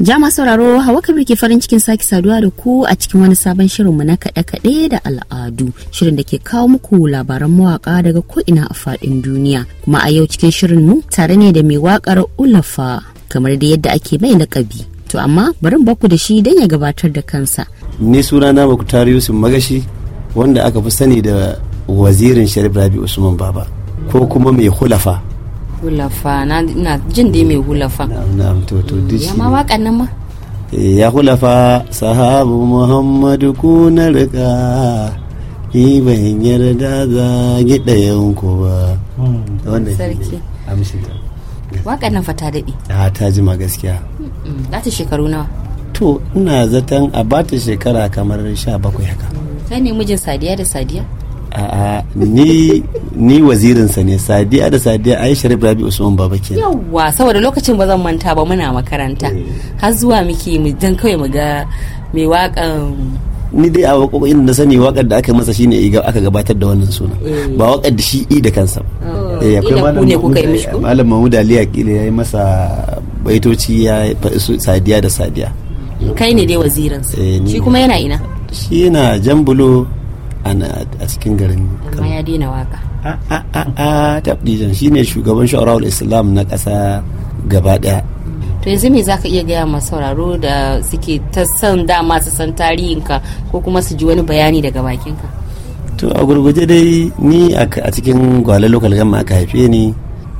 Jama sauraro hawa kabir ke farin cikin sake saduwa da ku a cikin wani sabon shirinmu na kaɗe-kaɗe da al'adu shirin da ke kawo muku labaran mawaƙa daga ko'ina a faɗin duniya kuma a yau cikin shirin mu tare ne da mai waƙar ulafa kamar da yadda ake mai laƙabi to amma bari baku da shi don ya gabatar da kansa. ni sunana baku tari yusuf magashi wanda aka fi sani da wazirin sharif rabi usman baba ko kuma mai hulafa hulafa na jin dai mai hulafa na to to dishi ya ma wakan nan ma eh, ya hulafa sahabu muhammadu kuna rika ni ban yarda za ki ɗayan ku ba hmm. wanda sarki amshinta wakan nan fata daɗi a ta jima gaskiya za ta shekaru nawa to ina zaton a bata shekara kamar sha bakwai haka kai ne mijin sadiya da sadiya a'a ni ni wazirinsa ne sadiya da sadiya ai sharif rabi usman baba ke yawa saboda lokacin ba zan manta ba muna makaranta eh. har zuwa muke mu dan kawai mu ga mai waƙan ni dai a waƙoƙin da sani waƙar da aka masa shine aka gabatar da wannan suna eh. ba waƙar da shi i da kansa oh. eh akwai malam Mahmud Ali Akile yayi masa baitoci ya sadiya da sadiya kai ne dai wazirinsa eh, shi kuma yana ina shi yana jambulo a cikin garin kano ya daina waka a a a shi shine shugaban shawarar islam na ƙasa gaba daya to yanzu me ka iya gaya ma sauraro da suke ta san dama su san tarihinka ko kuma su ji wani bayani daga bakinka to a gurguje dai ni a cikin gwale lokal gama aka haife ni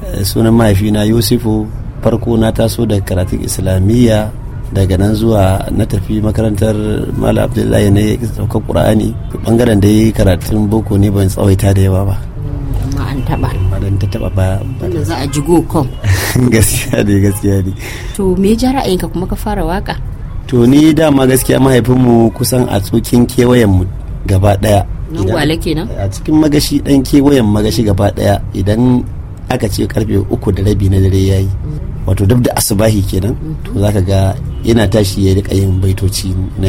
eh, sunan mahaifina yusufu farko na taso da karatun islamiyya daga nan zuwa na tafi makarantar mala abdullahi ne saukar qur'ani bangaren da yi karatun boko ne ban tsawaita da yawa ba amma an taɓa. ban ba wanda za a jigo kom gaskiya ne gaskiya ne to me ja ra'ayinka kuma ka fara waka to ni dama gaskiya mahaifinmu kusan a tsokin kewayen mu gaba daya nan kenan a cikin magashi dan kewayen magashi gaba daya idan aka ce karfe uku da rabi na dare yayi mm. wato duk da asubahi kenan mm. to zaka ga yana tashi ya rika yin baitoci na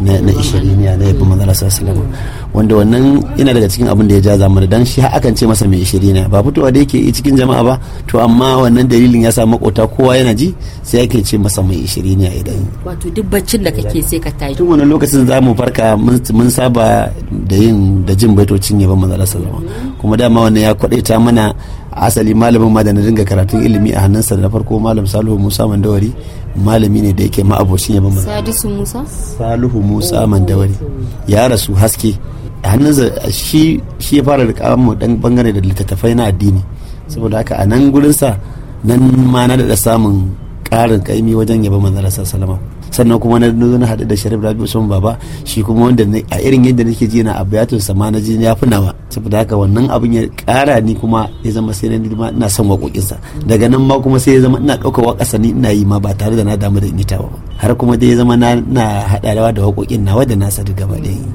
na na ishiriniya na yabi manzala sallallahu wanda wannan yana daga cikin abin da ya ja zamani dan shi akan ce masa mai ishiriniya ba fitowa da yake cikin jama'a ba to amma wannan dalilin ya sa makota kowa yana ji sai ake ce masa mai ishiriniya idan wato duk baccin da kake sai ka tashi tun wani lokacin za mu farka mun saba da yin da jin baitocin yabi manzala sallallahu kuma dama wannan ya kwadaita mana asali malamin ma da na dinga karatun ilimi a hannunsa da na farko malam salihu musa mandawari malami ne da yake ma'abocin ya mamman sadisu musa salihu musa mandawari ya rasu haske hannun shi shi ya fara da mu dan bangare da littattafai na addini saboda haka a nan gurinsa nan ma na da samun karin kaimi wajen yaba manzara salama. sannan kuma na na haɗu da sharif rabi usman baba shi kuma wanda a irin yadda nake ji na abiyatul sama na ji ya fi nawa saboda haka wannan abin ya kara ni kuma ya zama sai na ina son waƙoƙinsa daga nan ma kuma sai ya zama ina ɗaukar waƙasa ni ina yi ma ba tare da na damu da in ba har kuma dai ya zama na na haɗa rawa da waƙoƙin nawa da nasa duk gaba ɗaya.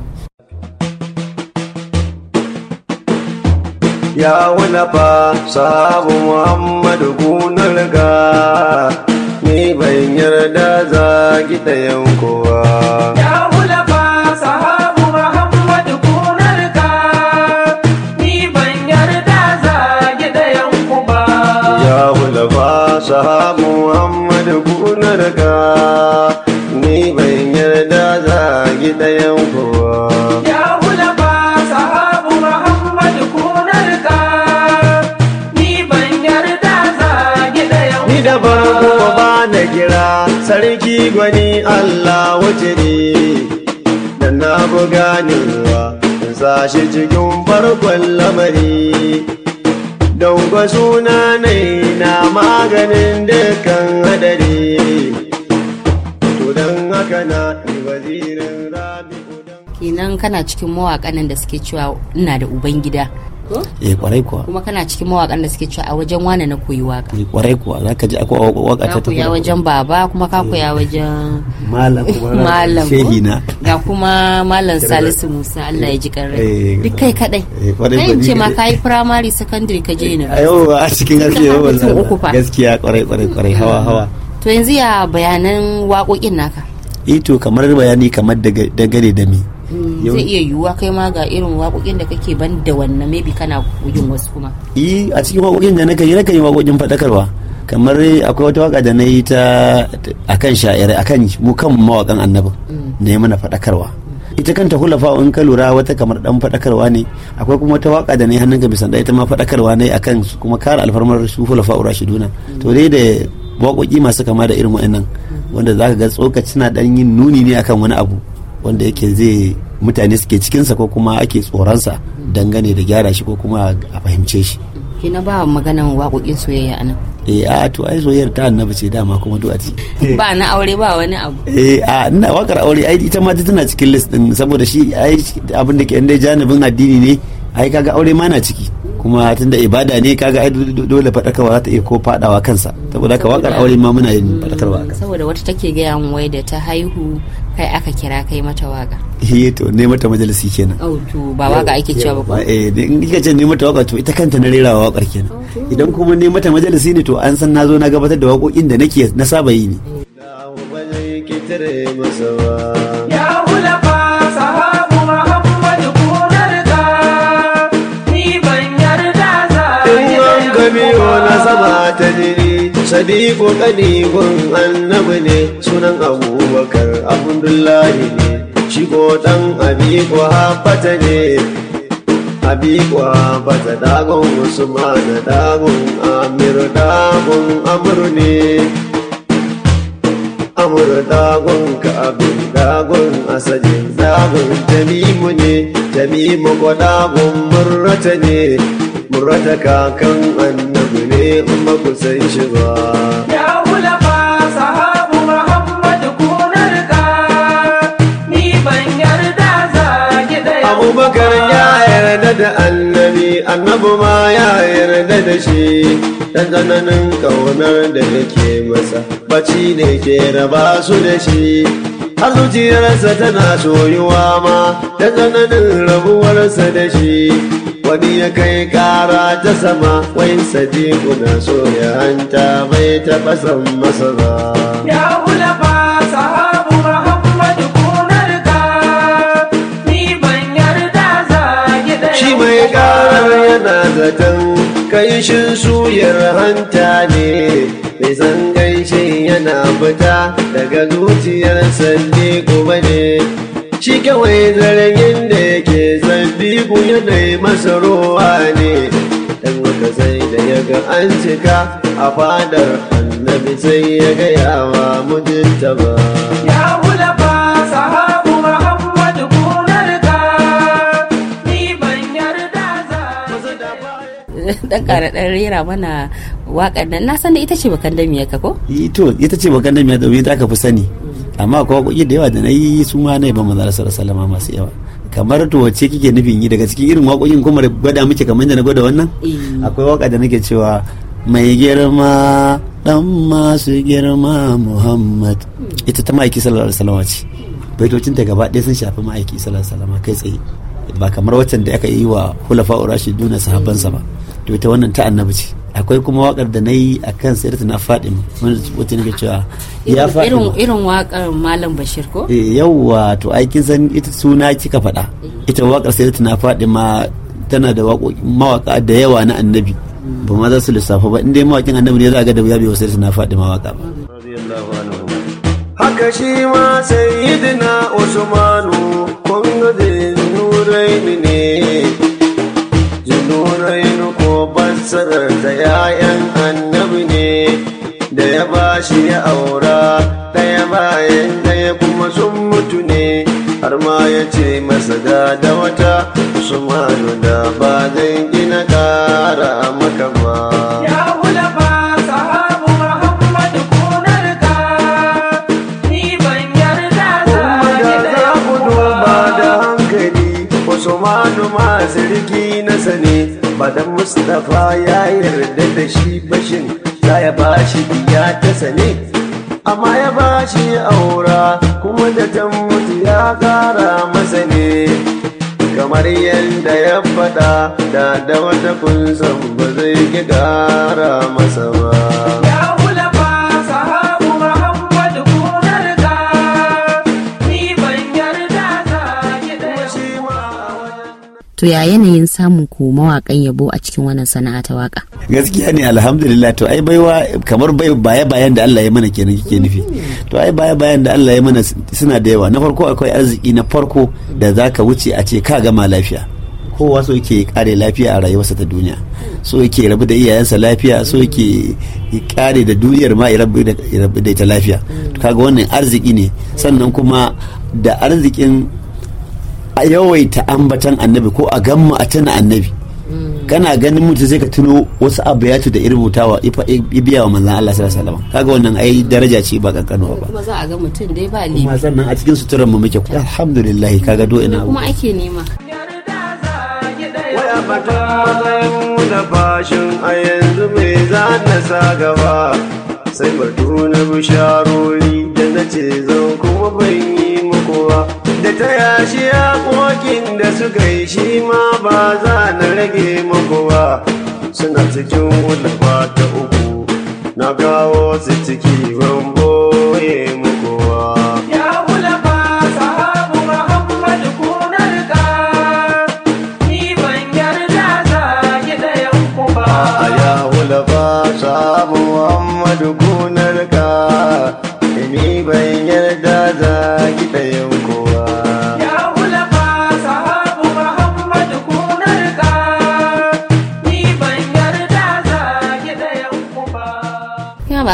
ya wani fa sahabu muhammadu gunar ga ni ban yarda za ki ta yankowa. gwani Allah waje ne da na buganewa za shi cikin farkon lamari don ba suna na maganin dukkan hadari to dan haka na wazirin rabi'u kenan kana cikin mawaƙanan da suke cewa ina da ubangida ko eh kwarai kuwa kuma kana cikin mawakan da suke cewa a wajen wane na koyi waka eh, kwarai kuwa ka ji akwai waka ta tafiya. wajen baba kuma ka eh. koya wajen malam malam shehi na ga kuma malam Salisu Musa Allah ya ji karrai eh, duk kai kadai kai ce ma yi primary sakandare ka je ne a cikin gaskiya kwarai kwarai kwarai hawa hawa to yanzu ya bayanan waƙoƙin naka ito kamar bayani kamar dangane da mi zai iya yiwuwa kai ma ga irin waƙoƙin da kake ban da wannan maybe kana yin wasu kuma eh a cikin waƙoƙin da nake yi nake yi waƙoƙin fadakarwa kamar akwai wata waka da na yi ta akan sha'irai akan mu kan mawakan annabi ne mm. yi mana fadakarwa ita kanta hulafa in ka lura wata kamar dan fadakarwa ne akwai kuma wata waka da yi hannun ka bisan da ita ma fadakarwa ne akan kuma kare alfarmar su hulafa urashiduna mm. to dai da waƙoƙi masu kama da irin wa'annan mm. wanda zaka ga tsokaci na dan yin nuni ne akan wani abu wanda yake zai mutane suke cikinsa ko kuma ake tsoronsa dangane da gyara shi ko kuma a fahimce shi kina ba maganan waƙoƙin soyayya anan eh a to ai soyayyar ta annabi ce dama kuma du'a ce ba na aure ba wani abu eh a ina wakar aure ai ita ma tana cikin list din saboda shi ai abin da ke inda janibin addini ne ai kaga aure ma na ciki kuma tunda ibada ne kaga ai dole fadakarwa za ta iya ko fadawa kansa saboda ka wakar aure ma muna yin fadakarwa saboda wata take gaya mun wai da ta haihu kai aka kira kai mata waka Iye eh, to ne mata majalisi kenan oh to ba waka ake cewa ba eh in kika ce ne mata waka to ita kanta na rerawa wakar kenan idan kuma ne mata majalisi ne to an san na zo na gabatar da wakokin da nake na saba yi ne ya sahabu ni ban yarda za na saba ta ne sadiqu qadigun annabi ne sunan abubakar abdullahi ne shigo dan ko hafata ne ko hafata dagon usman dagon amir dagon amr ne amr dagon ka'abi dagon asadi dagon tamimu ne tamimu ko dagon murrata ne Murataka kakan annabi ne in ba ku san shi ba sahabu ni ban yarda za abubakar ya yarda da annabi annabi ma ya yarda da shi dan tsananin kaunar da yake masa baci ne ke raba su da shi har zuciyarsa tana soyuwa ma dan tsananin rabuwarsa da shi wani ya kai kara ta sama wai sadiku na so ya hanta bai taɓa san masa ba ya ba sahabu muhammadu kunar ka ni ban yarda zagi da shi mai kara yana zaton kai shin suyar hanta ne mai san gaishe yana fita daga zuciyar sadiku ne. shi kawai zargin da yake zambibu dai masa ruwa ne dan waka sai da ya ga an cika a fadar annabi sai ya ga yawa mijinta ba sahabu ni dan kara dan rera mana waƙar nan na san da ita ce bakan damiya ka ko? ito eh ita ce bakan damiya da ita aka fi sani amma ko iya da yawa da na yi su ma na yi ban manzara sallama masu yawa kamar to wace kike nufin yi daga cikin irin waƙoƙin kuma da gwada muke kamar yadda na gwada wannan eh. akwai waƙa da nake cewa mai girma dan masu girma muhammad hmm. ita ta ma'aiki sallallahu alaihi wasallam ce hmm. baitocin ta gaba ɗaya sun shafi ma'aiki sallallahu alaihi wasallam kai tsaye ba kamar waccan da aka yi wa hulafa urashi duna sahabbansa ba hmm. to ita wannan ta annabi ce akwai kuma wakar da na yi a kan sayar na fadima wanda wata nake cewa ya fadima irin wakar malam bashir ko eh, yawwa to aikin san ita suna kika faɗa eh. ita wakar sayarta na fadima tana da mawaka da yawa na annabi hmm. ba ma za su lissafa ba inda mawaƙin annabi ne za ga da ya bai wasu sayarta na fadima waka ba haka shi ma sayyidina usmanu kun da zunurai ne zunurai nasarar da 'ya'yan annabi ne da ya ba shi ya aura ɗaya bayan ɗaya kuma sun mutu ne har ma ya ce masa da wata wata su da ba zai gina ƙara mustapha ya yarda da shi bashin za ya shi biya ta sane amma ya bashi aura kuma da ta mutu ya kara masa ne kamar yadda ya faɗa da da wata kunsan ba zai ki kara masa ba to ya yanayin samun ku mawakan yabo a cikin wannan sana'a ta waka gaskiya ne alhamdulillah to ai baiwa kamar bai baya bayan da Allah ya mana kenan kike nufi to ai baya bayan da Allah ya mana suna da yawa na farko akwai arziki na farko da zaka wuce a ce ka gama lafiya kowa so yake kare lafiya a rayuwarsa ta duniya so yake rabu da iyayensa lafiya so yake kare da duniyar ma ya rabu da ita lafiya kaga wannan arziki ne sannan kuma da arzikin a yawaita ambatan annabi ko a gamma a tana annabi kana ganin mutum sai ka tuno wasu abu ya da irubutawa ya biya wa manzan Allah sallallahu alaihi wasallam kaga wannan ai daraja ce ba kankanuwa ba kuma za a ga mutum dai ba ne kuma sannan a cikin suturar mu muke alhamdulillah kaga do ina kuma ake nema waya fata zan da bashin a yanzu me za na sa gaba sai batu na bisharori da nace zan kuma ban yi muku ba ya yashi shi da suka yi shi ma ba za na rage muku ba suna cikin ulfa ta uku na kawo su ciki bambu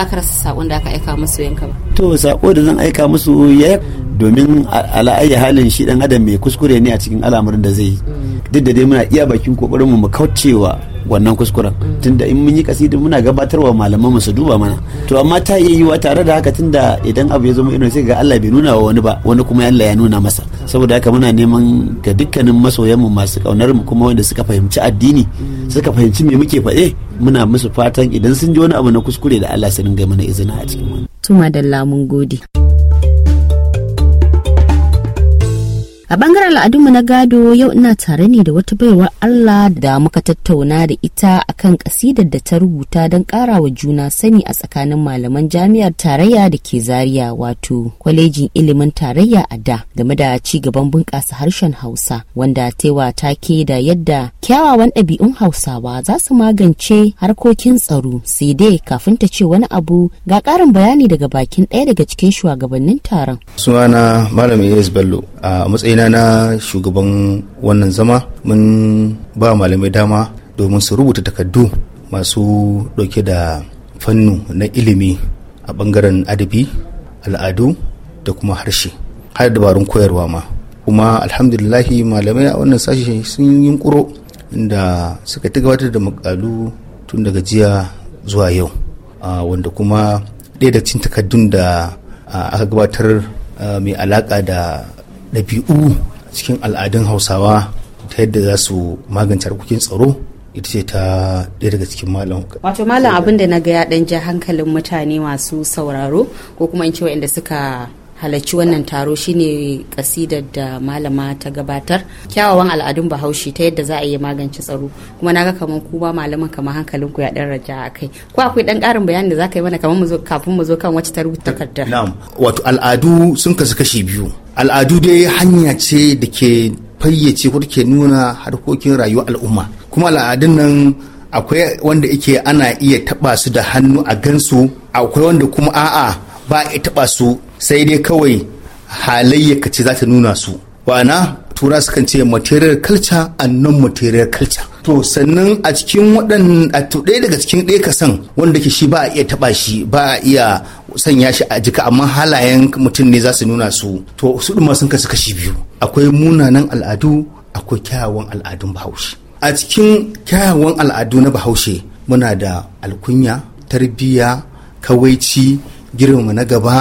ka rasa sakon da aka aika musu yanka ba to sako da zan aika musu ya domin ala'ayya halin shi dan adam mai kuskure ne a cikin al'amarin da zai yi mm. duk da dai muna iya bakin kokarin mu mu kaucewa wannan kuskuren tunda in mun yi kasidu muna gabatarwa malaman mu su duba mana to amma ta iya yiwa tare da haka tunda idan abu ya zama irin sai ga Allah bai nuna wa wani ba wani kuma Allah ya nuna masa saboda haka muna neman ga dukkanin masoyan mu masu kaunar mu kuma wanda suka fahimci addini suka fahimci me muke faɗe muna musu fatan idan sun ji wani abu na kuskure da Allah sai dinga mana izina a cikin wannan tuma da lamun gode A bangaren al'adunmu na gado yau ina tare ne da wata baiwar Allah da muka tattauna da ita akan kasidar da ta rubuta don karawa juna sani a tsakanin malaman jami'ar tarayya da ke zariya wato kwalejin ilimin tarayya a da game da ci gaban bunƙasa harshen Hausa wanda ta ke da yadda kyawawan ɗabi'un Hausawa za su magance harkokin tsaro sai dai kafin ta ce wani abu ga karin bayani daga bakin ɗaya daga cikin shugabannin taron. Sunana Malam Bello a matsayin matsayina na shugaban wannan zama mun ba malamai dama domin su rubuta takardu masu dauke da fannu na ilimi a bangaren adabi al'adu da kuma harshe har dabarun koyarwa ma kuma alhamdulillahi malamai a wannan sashi sun yi kuro inda suka ta gabatar da makalu tun daga jiya zuwa yau wanda kuma ɗaya da cin takardun da aka gabatar mai alaƙa da ɗabi'u cikin al'adun hausawa ta yadda za su magance harkokin tsaro ita ce ta ɗaya daga cikin malam wato malam abin da na ga ya ɗan ja hankalin mutane masu sauraro ko kuma in ce waɗanda suka halarci wannan taro shine kasidar da malama ta gabatar kyawawan al'adun bahaushe ta yadda za a yi magance tsaro kuma na kamar ku ba malaman kamar hankalin ku ya ɗan raja a kai ko akwai ɗan karin bayani da za ka yi mana kamar kafin mu zo kan wacce ta rubuta takardar wato al'adu sun kasu kashi biyu al'adu dai hanya ce da ke fayyace ko ke nuna harkokin rayuwar al'umma kuma al'adun nan akwai wanda yake ana iya taba su da hannu a gansu akwai wanda kuma a'a ba a taba su sai dai kawai ka ce za ta nuna su wana tura sukan ce material culture and non material culture to sannan a cikin waɗannan a daga cikin ɗaya kasan wanda ke shi ba a iya taba shi ba a iya sanya shi a jika amma halayen mutum ne za su nuna su to su ɗuma sun kasu kashi biyu akwai munanan al'adu akwai kyawawan al'adun bahaushe a cikin kyawawan al'adu na bahaushe muna da alkunya tarbiyya kawaici girmama na gaba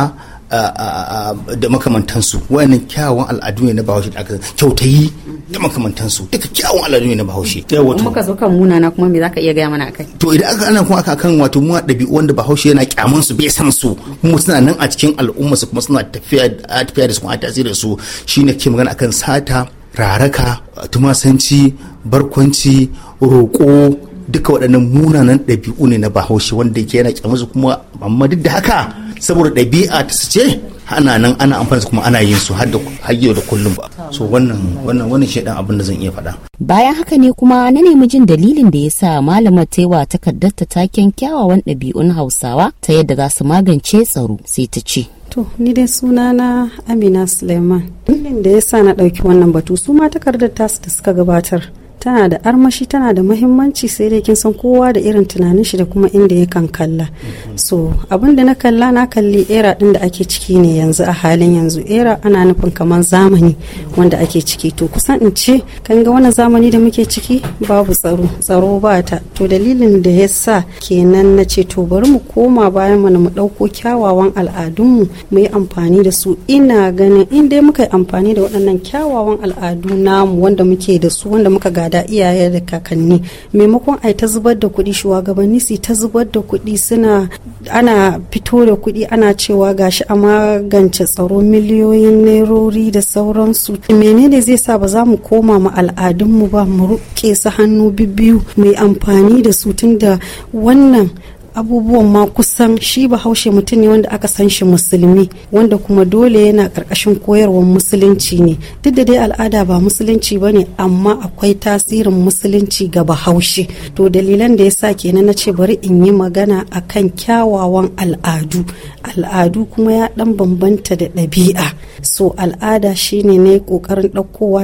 da makamantansu wayannan kyawun al'adu ne na bahaushe da aka kyautayi da makamantansu duka kyawun al'adu ne na bahaushe in muka zo kan muna na kuma me zaka iya gaya mana akai to idan aka ana kuma aka kan wato mu ɗabi'u wanda bahaushe yana kyaman su bai san su kuma suna nan a cikin al'umma su kuma suna tafiya tafiya da su kuma tasirin su shine ke magana akan sata raraka tumasanci barkwanci roƙo duka waɗannan munanan ɗabi'u ne na bahaushe wanda yake yana kyaman su kuma amma duk da haka saboda ɗabi'a ta ce ana nan ana amfani kuma ana yin su har yau da kullum ba so wannan wannan wannan shi abin da zan iya faɗa bayan haka ne kuma na nemi jin dalilin da yasa malamar taiwa takardar ta taken kyawawan ɗabi'un hausawa ta yadda za su magance tsaro sai ta ce to ni dai suna na amina suleiman dalilin da yasa na ɗauki wannan batu su ma takardar tasu da suka gabatar tana da armashi tana da mahimmanci sai dai kin san kowa da irin tunanin shi da kuma inda ya kan kalla so abin da na kalla na kalli era din da ake ciki ne yanzu a halin yanzu era ana nufin kamar zamani wanda ake ciki to kusan in ce kan ga wannan zamani da muke ciki babu tsaro tsaro ba ta to dalilin da ya sa kenan na ce to bari mu koma bayan mana mu ɗauko kyawawan al'adunmu mu yi amfani da su ina ganin in dai muka yi amfani da waɗannan kyawawan al'adu namu wanda muke da su wanda muka gada da iyaye da kakanni maimakon ai ta zubar da kuɗi shugabanni su ta zubar da kuɗi suna ana fito da kuɗi ana cewa gashi a magance tsaro miliyoyin nerori da sauransu menene zai sa ba za mu koma mu al'adunmu ba mu ruƙe su hannu bibbiyu mai amfani da su tun da wannan abubuwan ma kusan shi bahaushe mutum ne wanda aka san shi musulmi wanda kuma dole yana karkashin koyarwar musulunci ne duk da dai al'ada ba musulunci ba ne amma akwai tasirin musulunci ga bahaushe to dalilan da ya sa kenan na ce bari in yi magana a kan kyawawan al'adu al'adu kuma ya dan bambanta da ɗabi'a so al'ada shine ne ƙoƙarin ɗaukowa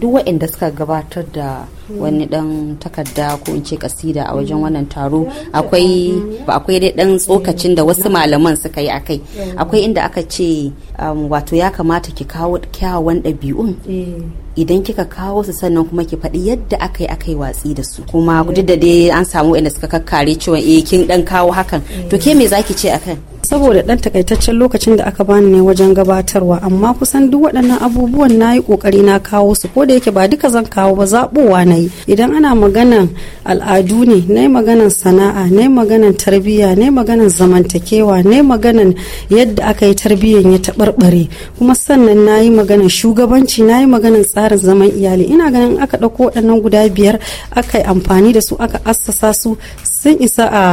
duk waɗanda suka gabatar da wani dan takarda ko in ce kasida a wajen wannan taro akwai akwai dai dan tsokacin da wasu malaman suka yi akai akwai inda aka ce um, wato ya kamata ki kawo kyawawan dabi'un. Eh. idan kika kawo su sannan kuma ki faɗi yadda aka yi aka yi watsi da su kuma duk da dai an samu inda suka kakkare cewa eh kin dan kawo hakan eh. to ke me zaki ce akan saboda dan takaitaccen lokacin da aka bani ne wajen gabatarwa amma kusan duk waɗannan abubuwan na yi ƙoƙari na kawo su ko da yake ba duka zan kawo ba zaɓowa na yi idan ana maganan al'adu ne na yi maganan sana'a na yi maganan tarbiyya na yi maganan zamantakewa na yi maganan yadda aka yi tarbiyyan ya taɓarɓare kuma sannan na yi maganan shugabanci na yi maganan tsarin zaman iyali ina ganin aka ɗauko waɗannan guda biyar aka yi amfani da su aka assasa su sun isa a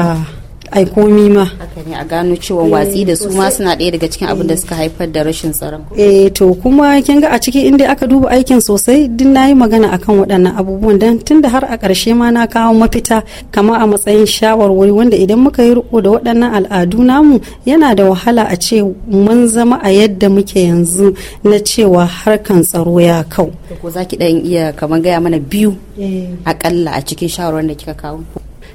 ai komi ma a gano cewa watsi da su ma eh, suna ɗaya daga cikin abin da suka haifar da rashin tsaron eh to kuma kin ga a ciki inda aka duba aikin sosai na nayi magana akan waɗannan abubuwan dan tunda har a ƙarshe ma na kawo mafita kamar a matsayin shawarwari wanda idan muka yi riko da waɗannan al'adu namu yana da wahala a ce mun zama a yadda muke yanzu na cewa harkan tsaro ya kau ko zaki dan iya kamar gaya mana biyu eh. akalla a cikin shawarwarin da kika kawo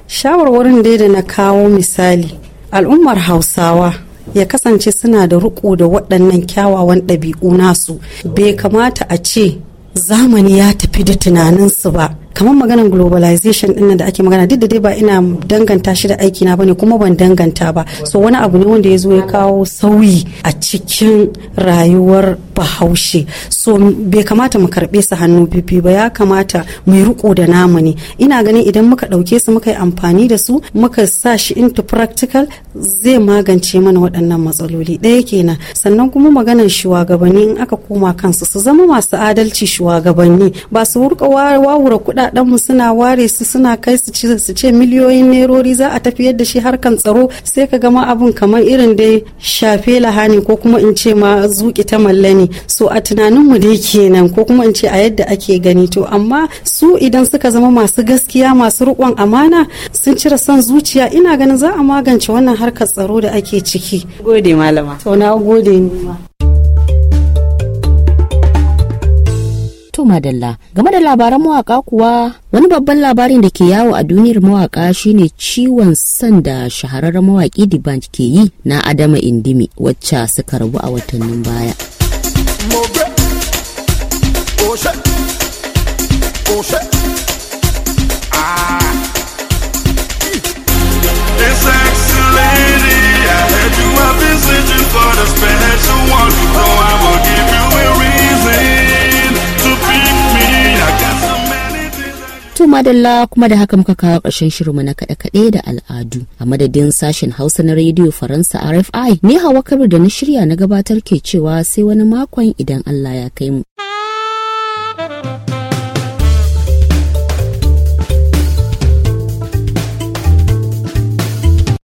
shawarwarin dai da na kawo misali al'ummar hausawa ya kasance suna da riko da waɗannan kyawawan ɗabi'u nasu bai kamata a ce zamani ya tafi da tunaninsu ba kamar maganar globalization din da ake magana duk da dai ba ina danganta shi da aiki na bane kuma ban danganta ba so wani abu ne wanda ya zo ya kawo sauyi a cikin rayuwar bahaushe so bai kamata mu karbe su hannu bibi ba ya kamata mu yi riko da namu ne ina ganin idan muka ɗauke su muka yi amfani da su muka sa shi into practical zai magance mana waɗannan matsaloli ɗaya kenan sannan kuma maganar shugabanni in aka koma kansu su zama masu adalci shugabanni ba su wurka wawura kuɗa mu suna ware su suna kai su ce miliyoyin nerori za a tafiyar da shi harkan tsaro sai ka gama abin kamar irin dai shafe lahani ko kuma in ce ma zuki ta malla ne so a tunaninmu dai kenan ko kuma in ce a yadda ake gani to amma su idan suka zama masu gaskiya masu riƙon amana sun cire son zuciya ina ganin za a magance wannan harkar tsaro da ake ciki gode malama to na gode ni ma to madalla game da labaran mawaka kuwa wani babban labarin da ke yawo a duniyar mawaka shine ciwon son da shahararren mawaki dibanj ke yi na adama indimi wacce suka rabu a watannin baya I will give you To madalla kuma da haka muka kawo ƙarshen shirinmu na kaɗe-kaɗe da al'adu a madadin sashen Hausa na rediyo Faransa RFI ne hawa kabir da na shirya na gabatar ke cewa sai wani makon idan Allah ya kai mu.